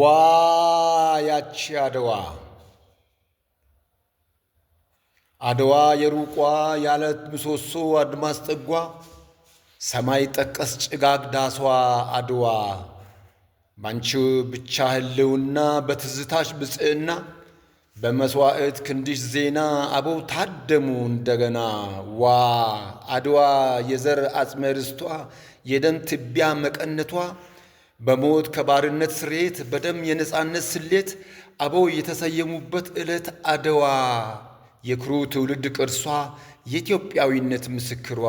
ዋያች አድዋ አድዋ የሩቋ ያለት ምሰሶ አድማስ ጥጓ ሰማይ ጠቀስ ጭጋግ ዳሷ አድዋ ባንቺ ብቻ ህልውና በትዝታሽ ብፅዕና በመስዋዕት ክንድሽ ዜና አበው ታደሙ እንደገና። ዋ አድዋ የዘር አጽመርስቷ የደም ትቢያ መቀነቷ በሞት ከባርነት ስርየት በደም የነፃነት ስሌት አበው የተሰየሙበት ዕለት አድዋ የክሩ ትውልድ ቅርሷ የኢትዮጵያዊነት ምስክሯ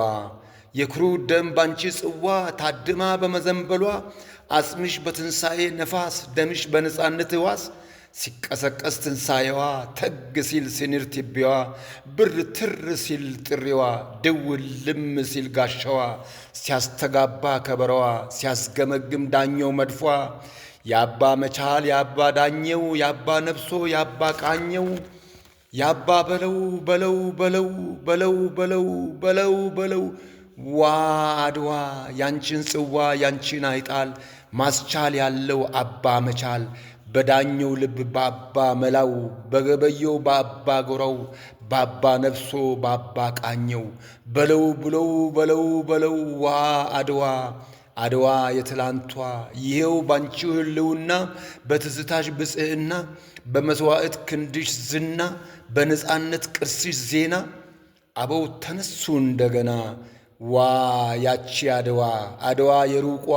የክሩ ደም ባንቺ ጽዋ ታድማ በመዘንበሏ አጽምሽ በትንሣኤ ነፋስ ደምሽ በነፃነት ሕዋስ ሲቀሰቀስ ትንሣኤዋ፣ ተግ ሲል ሲኒር ትቢዋ ብር ትር ሲል ጥሪዋ፣ ድው ልም ሲል ጋሻዋ፣ ሲያስተጋባ ከበረዋ፣ ሲያስገመግም ዳኘው መድፏ የአባ መቻል የአባ ዳኘው የአባ ነብሶ የአባ ቃኘው የአባ በለው በለው በለው በለው በለው በለው በለው ዋ አድዋ ያንቺን ጽዋ ያንቺን አይጣል ማስቻል ያለው አባ መቻል በዳኘው ልብ ባባ መላው በገበየው ባባ ጎራው ባባ ነፍሶ ባባ ቃኘው በለው ብለው በለው በለው ዋ አድዋ አድዋ የትላንቷ ይሄው ባንቺው ህልውና በትዝታሽ ብጽህና በመስዋዕት ክንድሽ ዝና በነፃነት ቅርስሽ ዜና አበው ተነሱ እንደገና ዋ ያቺ አድዋ አድዋ የሩቋ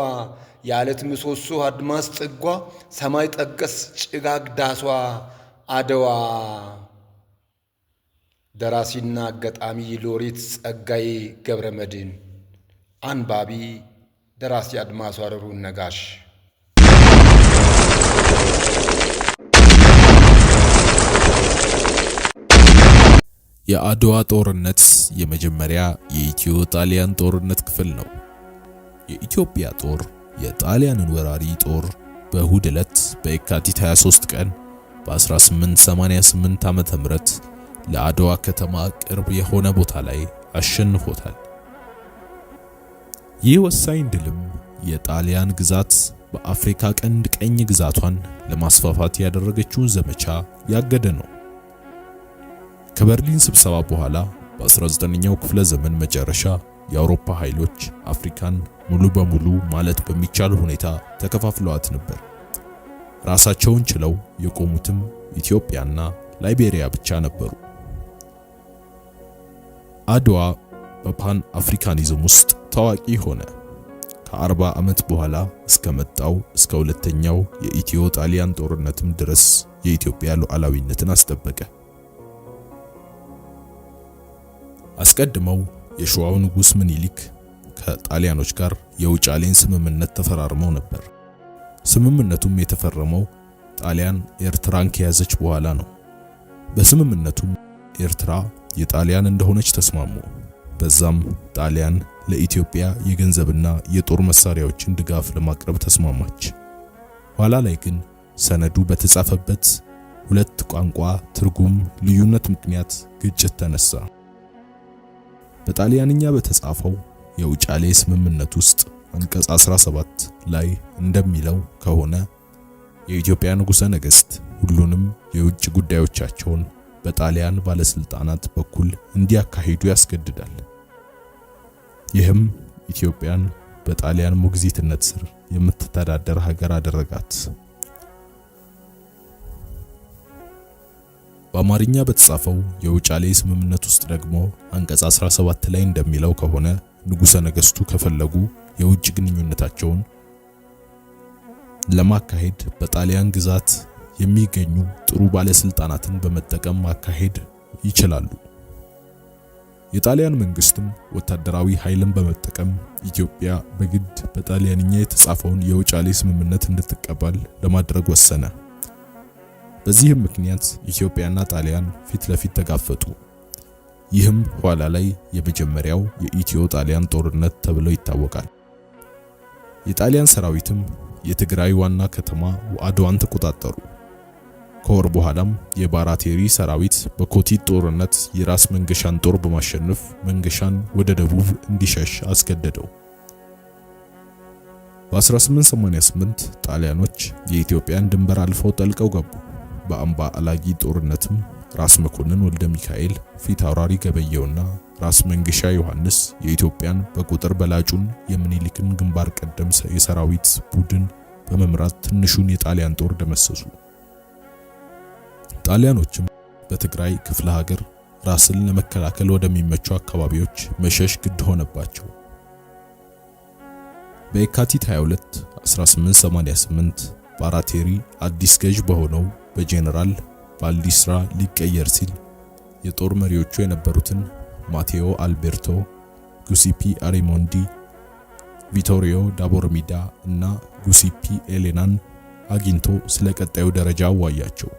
የዓለት ምሰሶ አድማስ ጽጓ ሰማይ ጠቀስ ጭጋግ ዳሷ አድዋ። ደራሲና ገጣሚ ሎሬት ጸጋዬ ገብረ መድን አንባቢ ደራሲ አድማሱ አረሩ ነጋሽ። የአድዋ ጦርነት የመጀመሪያ የኢትዮ ጣሊያን ጦርነት ክፍል ነው። የኢትዮጵያ ጦር የጣሊያንን ወራሪ ጦር በእሁድ ዕለት በየካቲት 23 ቀን በ1888 ዓም ምህረት ለአድዋ ከተማ ቅርብ የሆነ ቦታ ላይ አሸንፎታል። ይህ ወሳኝ ድልም የጣሊያን ግዛት በአፍሪካ ቀንድ ቀኝ ግዛቷን ለማስፋፋት ያደረገችውን ዘመቻ ያገደ ነው። ከበርሊን ስብሰባ በኋላ በ19ኛው ክፍለ ዘመን መጨረሻ የአውሮፓ ኃይሎች አፍሪካን ሙሉ በሙሉ ማለት በሚቻል ሁኔታ ተከፋፍለዋት ነበር። ራሳቸውን ችለው የቆሙትም ኢትዮጵያና ላይቤሪያ ብቻ ነበሩ። አድዋ በፓን አፍሪካኒዝም ውስጥ ታዋቂ ሆነ። ከ40 ዓመት በኋላ እስከመጣው እስከ ሁለተኛው የኢትዮ ጣሊያን ጦርነትም ድረስ የኢትዮጵያ ሉዓላዊነትን አስጠበቀ። አስቀድመው የሸዋው ንጉሥ ምኒልክ ከጣሊያኖች ጋር የውጫሌን ስምምነት ተፈራርመው ነበር። ስምምነቱም የተፈረመው ጣሊያን ኤርትራን ከያዘች በኋላ ነው። በስምምነቱም ኤርትራ የጣሊያን እንደሆነች ተስማሙ። በዛም ጣሊያን ለኢትዮጵያ የገንዘብና የጦር መሳሪያዎችን ድጋፍ ለማቅረብ ተስማማች። ኋላ ላይ ግን ሰነዱ በተጻፈበት ሁለት ቋንቋ ትርጉም ልዩነት ምክንያት ግጭት ተነሳ። በጣሊያንኛ በተጻፈው የውጫሌ ስምምነት ውስጥ አንቀጽ 17 ላይ እንደሚለው ከሆነ የኢትዮጵያ ንጉሠ ነገሥት ሁሉንም የውጭ ጉዳዮቻቸውን በጣሊያን ባለስልጣናት በኩል እንዲያካሂዱ ያስገድዳል። ይህም ኢትዮጵያን በጣሊያን ሞግዚትነት ስር የምትተዳደር ሀገር አደረጋት። በአማርኛ በተጻፈው የውጫሌ ስምምነት ውስጥ ደግሞ አንቀጽ 17 ላይ እንደሚለው ከሆነ ንጉሠ ነገሥቱ ከፈለጉ የውጭ ግንኙነታቸውን ለማካሄድ በጣሊያን ግዛት የሚገኙ ጥሩ ባለስልጣናትን በመጠቀም ማካሄድ ይችላሉ። የጣሊያን መንግስትም ወታደራዊ ኃይልን በመጠቀም ኢትዮጵያ በግድ በጣሊያንኛ የተጻፈውን የውጫሌ ስምምነት እንድትቀበል ለማድረግ ወሰነ። በዚህም ምክንያት ኢትዮጵያና ጣሊያን ፊት ለፊት ተጋፈጡ። ይህም ኋላ ላይ የመጀመሪያው የኢትዮ ጣሊያን ጦርነት ተብሎ ይታወቃል። የጣሊያን ሰራዊትም የትግራይ ዋና ከተማ አድዋን ተቆጣጠሩ። ከወር በኋላም የባራቴሪ ሰራዊት በኮቲት ጦርነት የራስ መንገሻን ጦር በማሸነፍ መንገሻን ወደ ደቡብ እንዲሸሽ አስገደደው። በ1888 ጣሊያኖች የኢትዮጵያን ድንበር አልፈው ጠልቀው ገቡ። በአምባ አላጊ ጦርነትም ራስ መኮንን ወልደ ሚካኤል ፊት አውራሪ ገበየውና ራስ መንገሻ ዮሐንስ የኢትዮጵያን በቁጥር በላጩን የምኒልክን ግንባር ቀደም የሰራዊት ቡድን በመምራት ትንሹን የጣሊያን ጦር ደመሰሱ። ጣሊያኖችም በትግራይ ክፍለ ሀገር ራስን ለመከላከል ወደሚመቹ አካባቢዎች መሸሽ ግድ ሆነባቸው። በየካቲት 22 1888 ባራቴሪ አዲስ ገዥ በሆነው በጄኔራል ባልዲስራ ሊቀየር ሲል የጦር መሪዎቹ የነበሩትን ማቴዎ አልቤርቶ፣ ጉሲፒ አሪሞንዲ፣ ቪቶሪዮ ዳቦርሚዳ እና ጉሲፒ ኤሌናን አግኝቶ ስለ ቀጣዩ ደረጃ አዋያቸው።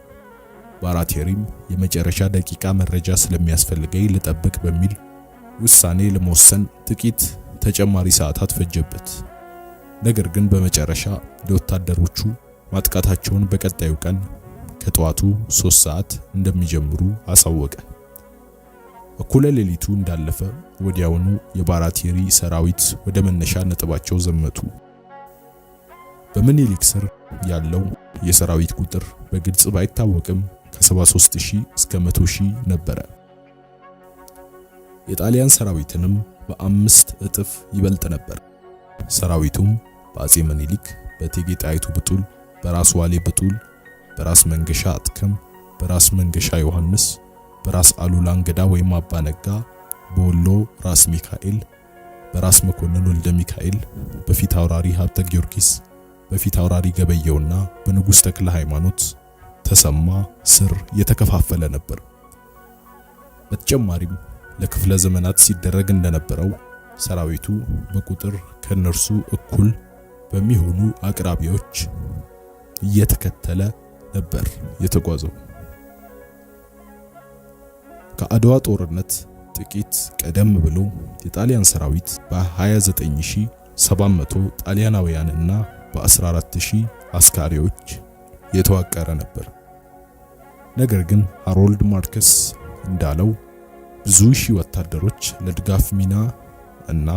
ባራቴሪም የመጨረሻ ደቂቃ መረጃ ስለሚያስፈልገኝ ልጠብቅ በሚል ውሳኔ ለመወሰን ጥቂት ተጨማሪ ሰዓታት ፈጀበት። ነገር ግን በመጨረሻ ለወታደሮቹ ማጥቃታቸውን በቀጣዩ ቀን ከጠዋቱ ሶስት ሰዓት እንደሚጀምሩ አሳወቀ። እኩለ ሌሊቱ እንዳለፈ ወዲያውኑ የባራቴሪ ሰራዊት ወደ መነሻ ነጥባቸው ዘመቱ። በምኒልክ ስር ያለው የሰራዊት ቁጥር በግልጽ ባይታወቅም ከ73000 እስከ 100000 ነበረ። የጣሊያን ሰራዊትንም በአምስት እጥፍ ይበልጥ ነበር። ሰራዊቱም በአፄ ምኒልክ፣ በእቴጌ ጣይቱ ብጡል፣ በራስ ዋሌ ብጡል በራስ መንገሻ አጥክም፣ በራስ መንገሻ ዮሐንስ፣ በራስ አሉላ እንገዳ ወይም አባ ነጋ፣ በወሎ ራስ ሚካኤል፣ በራስ መኮንን ወልደ ሚካኤል፣ በፊት አውራሪ ሀብተ ጊዮርጊስ፣ በፊት አውራሪ ገበየውና በንጉሥ ተክለ ሃይማኖት ተሰማ ስር የተከፋፈለ ነበር። በተጨማሪም ለክፍለ ዘመናት ሲደረግ እንደነበረው ሰራዊቱ በቁጥር ከነርሱ እኩል በሚሆኑ አቅራቢዎች እየተከተለ ነበር የተጓዘው። ከአድዋ ጦርነት ጥቂት ቀደም ብሎ የጣሊያን ሰራዊት በ29700 ጣሊያናውያን እና በ14000 አስካሪዎች የተዋቀረ ነበር። ነገር ግን ሃሮልድ ማርከስ እንዳለው ብዙ ሺህ ወታደሮች ለድጋፍ ሚና እና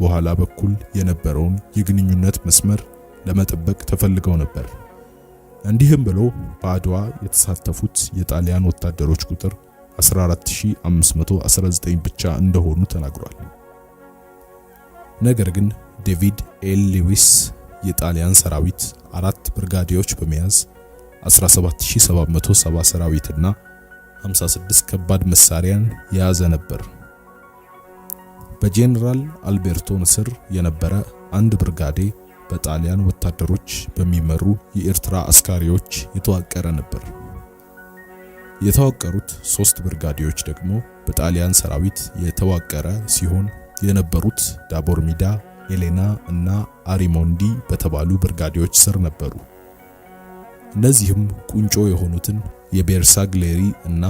በኋላ በኩል የነበረውን የግንኙነት መስመር ለመጠበቅ ተፈልገው ነበር። እንዲህም ብሎ በአድዋ የተሳተፉት የጣሊያን ወታደሮች ቁጥር 14519 ብቻ እንደሆኑ ተናግሯል። ነገር ግን ዴቪድ ኤል ሊዊስ የጣሊያን ሰራዊት አራት ብርጋዴዎች በመያዝ 17770 ሰራዊትና 56 ከባድ መሳሪያን የያዘ ነበር። በጄኔራል አልቤርቶ ስር የነበረ አንድ ብርጋዴ በጣሊያን ወታደሮች በሚመሩ የኤርትራ አስካሪዎች የተዋቀረ ነበር። የተዋቀሩት ሶስት ብርጋዴዎች ደግሞ በጣሊያን ሰራዊት የተዋቀረ ሲሆን የነበሩት ዳቦር ሚዳ፣ ኤሌና እና አሪሞንዲ በተባሉ ብርጋዴዎች ስር ነበሩ። እነዚህም ቁንጮ የሆኑትን የቤርሳግሌሪ እና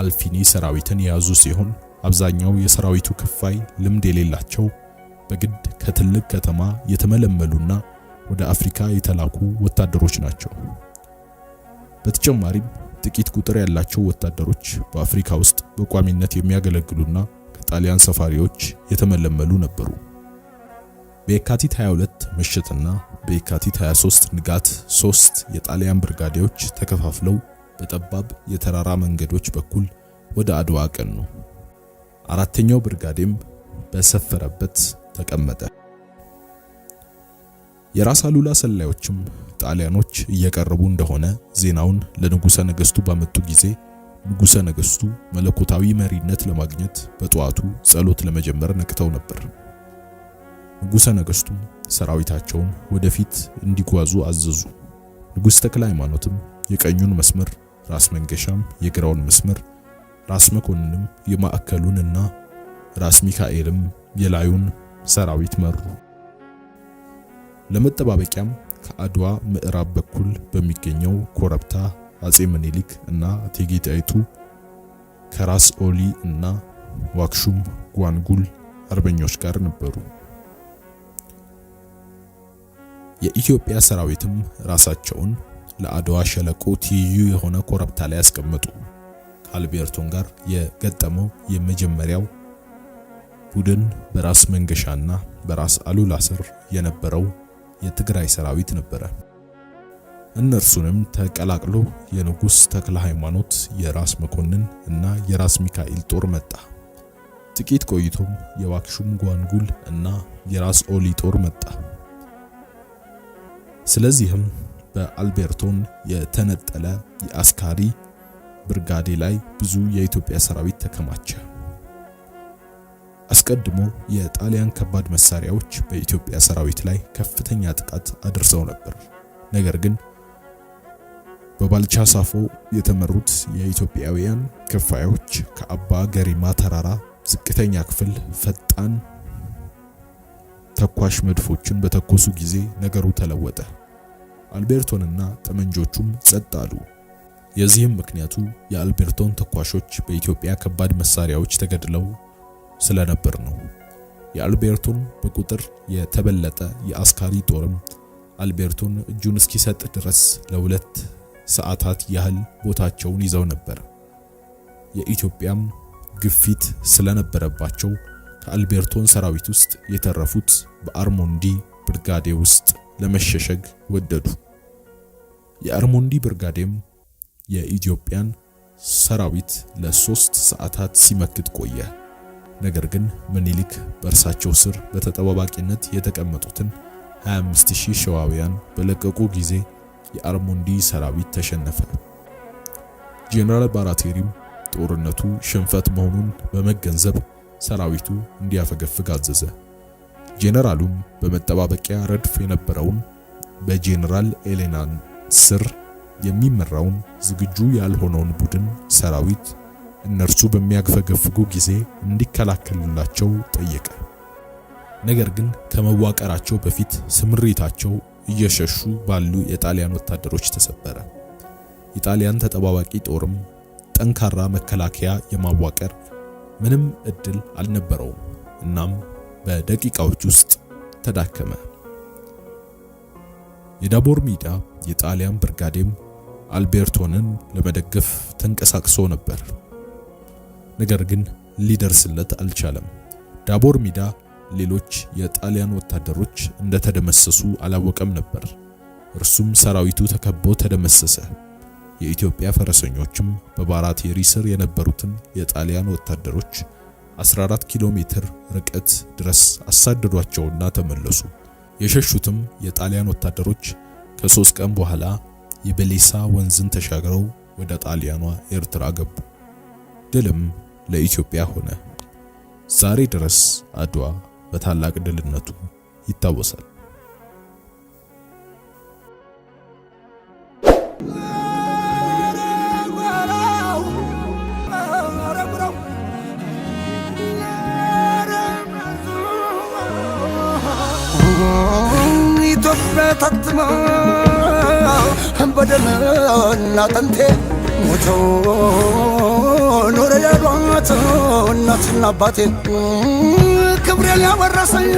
አልፊኒ ሰራዊትን የያዙ ሲሆን አብዛኛው የሰራዊቱ ክፋይ ልምድ የሌላቸው በግድ ከትልቅ ከተማ የተመለመሉና ወደ አፍሪካ የተላኩ ወታደሮች ናቸው። በተጨማሪም ጥቂት ቁጥር ያላቸው ወታደሮች በአፍሪካ ውስጥ በቋሚነት የሚያገለግሉና ከጣሊያን ሰፋሪዎች የተመለመሉ ነበሩ። በየካቲት 22 ምሽትና በየካቲት 23 ንጋት ሶስት የጣሊያን ብርጋዴዎች ተከፋፍለው በጠባብ የተራራ መንገዶች በኩል ወደ አድዋ ቀኑ። አራተኛው ብርጋዴም በሰፈረበት ተቀመጠ። የራስ አሉላ ሰላዮችም ጣሊያኖች እየቀረቡ እንደሆነ ዜናውን ለንጉሰ ነገስቱ ባመጡ ጊዜ ንጉሰ ነገስቱ መለኮታዊ መሪነት ለማግኘት በጠዋቱ ጸሎት ለመጀመር ነቅተው ነበር። ንጉሰ ነገስቱ ሰራዊታቸውን ወደፊት እንዲጓዙ አዘዙ። ንጉስ ተክለ ሃይማኖትም የቀኙን መስመር፣ ራስ መንገሻም የግራውን መስመር፣ ራስ መኮንንም የማዕከሉን እና ራስ ሚካኤልም የላዩን ሰራዊት መሩ። ለመጠባበቂያም ከአድዋ ምዕራብ በኩል በሚገኘው ኮረብታ አጼ ምኒልክ እና እቴጌ ጣይቱ ከራስ ኦሊ እና ዋክሹም ጓንጉል አርበኞች ጋር ነበሩ። የኢትዮጵያ ሰራዊትም ራሳቸውን ለአድዋ ሸለቆ ትይዩ የሆነ ኮረብታ ላይ ያስቀመጡ። ከአልቤርቶን ጋር የገጠመው የመጀመሪያው ቡድን በራስ መንገሻና በራስ አሉላ ስር የነበረው የትግራይ ሰራዊት ነበረ። እነርሱንም ተቀላቅሎ የንጉስ ተክለ ሃይማኖት የራስ መኮንን እና የራስ ሚካኤል ጦር መጣ። ጥቂት ቆይቶም የዋክሹም ጓንጉል እና የራስ ኦሊ ጦር መጣ። ስለዚህም በአልቤርቶን የተነጠለ የአስካሪ ብርጋዴ ላይ ብዙ የኢትዮጵያ ሰራዊት ተከማቸ። አስቀድሞ የጣሊያን ከባድ መሳሪያዎች በኢትዮጵያ ሰራዊት ላይ ከፍተኛ ጥቃት አድርሰው ነበር። ነገር ግን በባልቻ ሳፎ የተመሩት የኢትዮጵያውያን ክፋዮች ከአባ ገሪማ ተራራ ዝቅተኛ ክፍል ፈጣን ተኳሽ መድፎችን በተኮሱ ጊዜ ነገሩ ተለወጠ። አልቤርቶንና ጠመንጆቹም ጸጥ አሉ። የዚህም ምክንያቱ የአልቤርቶን ተኳሾች በኢትዮጵያ ከባድ መሳሪያዎች ተገድለው ስለነበር ነው። የአልቤርቶን በቁጥር የተበለጠ የአስካሪ ጦርም አልቤርቶን እጁን እስኪሰጥ ድረስ ለሁለት ሰዓታት ያህል ቦታቸውን ይዘው ነበር። የኢትዮጵያም ግፊት ስለነበረባቸው ከአልቤርቶን ሰራዊት ውስጥ የተረፉት በአርሞንዲ ብርጋዴ ውስጥ ለመሸሸግ ወደዱ። የአርሞንዲ ብርጋዴም የኢትዮጵያን ሰራዊት ለሶስት ሰዓታት ሲመክት ቆየ። ነገር ግን ምኒልክ በእርሳቸው ስር በተጠባባቂነት የተቀመጡትን 25000 ሸዋውያን በለቀቁ ጊዜ የአርሞንዲ ሰራዊት ተሸነፈ። ጄኔራል ባራቴሪም ጦርነቱ ሽንፈት መሆኑን በመገንዘብ ሰራዊቱ እንዲያፈገፍግ አዘዘ። ጄኔራሉም በመጠባበቂያ ረድፍ የነበረውን በጄኔራል ኤሌናን ስር የሚመራውን ዝግጁ ያልሆነውን ቡድን ሰራዊት እነርሱ በሚያግፈገፍጉ ጊዜ እንዲከላከሉላቸው ጠየቀ። ነገር ግን ከመዋቀራቸው በፊት ስምሪታቸው እየሸሹ ባሉ የጣሊያን ወታደሮች ተሰበረ። የጣሊያን ተጠባባቂ ጦርም ጠንካራ መከላከያ የማዋቀር ምንም እድል አልነበረውም። እናም በደቂቃዎች ውስጥ ተዳከመ። የዳቦር ሚዳ የጣሊያን ብርጋዴም አልቤርቶንን ለመደገፍ ተንቀሳቅሶ ነበር። ነገር ግን ሊደርስለት አልቻለም። ዳቦር ሚዳ ሌሎች የጣሊያን ወታደሮች እንደተደመሰሱ አላወቀም ነበር። እርሱም ሰራዊቱ ተከቦ ተደመሰሰ። የኢትዮጵያ ፈረሰኞችም በባራቴሪ ስር የነበሩትን የጣሊያን ወታደሮች 14 ኪሎ ሜትር ርቀት ድረስ አሳደዷቸውና ተመለሱ። የሸሹትም የጣሊያን ወታደሮች ከሶስት ቀን በኋላ የበሌሳ ወንዝን ተሻግረው ወደ ጣሊያኗ ኤርትራ ገቡ። ድልም ለኢትዮጵያ ሆነ። ዛሬ ድረስ አድዋ በታላቅ ድልነቱ ይታወሳል። ኢትዮጵያ ታትማ በደምና ጠንቴ ሞተው የሌሏት እናትና አባቴ ክብሬን ያወረሰኝ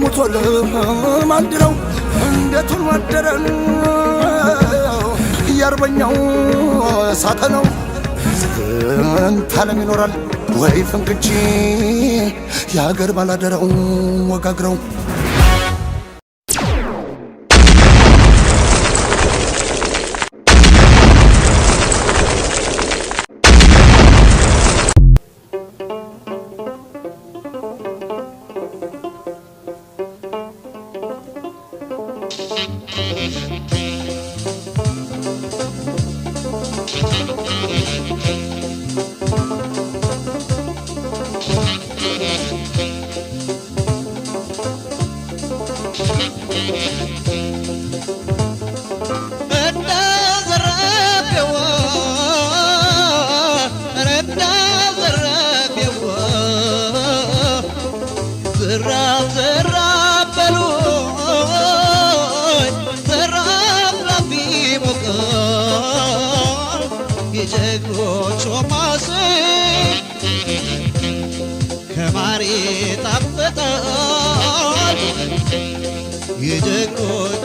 ሙቶልም አንድ ነው እንዴቱን ወደረን እያርበኛው ሳተ ነው ዝንታለም ይኖራል ወይ ፍንክች የአገር ባላደራው ወጋግረው Thank you. Oh.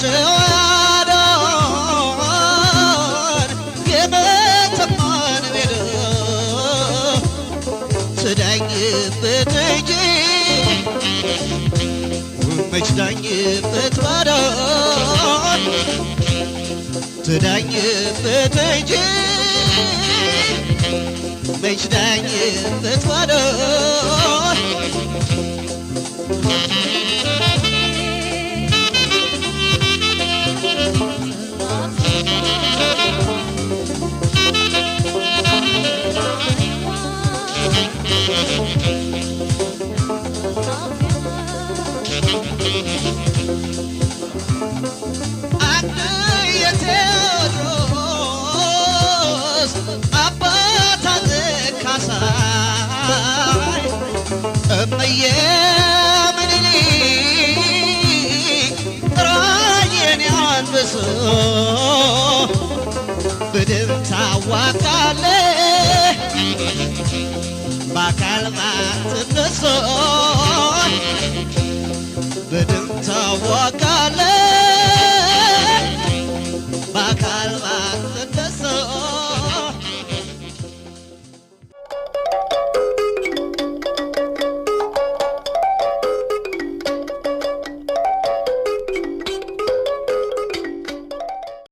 ጨዋዳን የመተማን ቤደ ስዳኝበት እንጂ መች ዳኝበት ባዳ ትዳኝበት እንጂ መች ዳኝበት ባዳ አንብሶ በደም ታዋቃለ በአካል ማትነሶ